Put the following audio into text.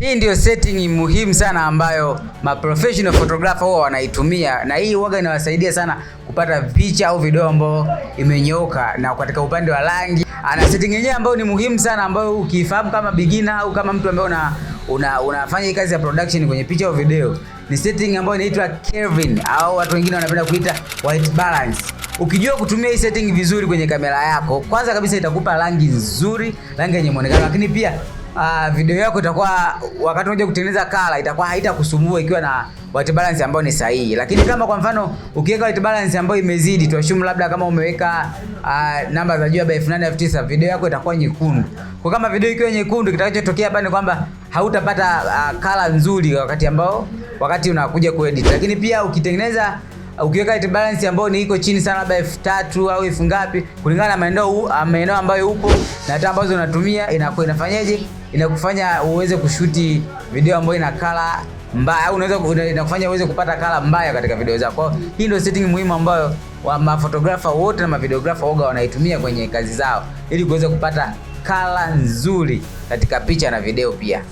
Hii ndio setting muhimu sana ambayo ma professional photographer huwa wanaitumia, na hii huwa inawasaidia sana kupata picha au video ambayo imenyooka. Na katika upande wa rangi, ana setting yenyewe ambayo ni muhimu sana, ambayo ukifahamu kama beginner au kama mtu ambaye una una unafanya kazi ya production kwenye picha au video, ni setting ambayo inaitwa Kelvin au watu wengine wanapenda kuita white balance. Ukijua kutumia hii setting vizuri kwenye kamera yako, kwanza kabisa itakupa rangi nzuri, rangi yenye muonekano, lakini pia uh, video yako itakuwa wakati unaje kutengeneza kala itakuwa haitakusumbua ikiwa na white balance ambayo ni sahihi. Lakini kama kwa mfano ukiweka white balance ambayo imezidi, tuashumu labda kama umeweka uh, namba za juu labda elfu nane elfu tisa video yako itakuwa nyekundu. Kwa kama video ikiwa nyekundu, kitakachotokea hapa ni kwamba hautapata uh, ah, kala nzuri wakati ambao wakati unakuja kuedit. Lakini pia ukitengeneza ukiweka net balance ambayo ni iko chini sana, labda elfu tatu au elfu ngapi, kulingana na maeneo ah, maeneo ambayo upo na hata ambazo unatumia, inakuwa inafanyaje, inakufanya uweze kushuti video ambayo ina kala mbaya au unaweza inakufanya uweze kupata kala mbaya katika video zako. Hii ndio setting muhimu ambayo mafotografa wote na mavideografa woga wanaitumia kwenye kazi zao ili kuweza kupata kala nzuri katika picha na video pia.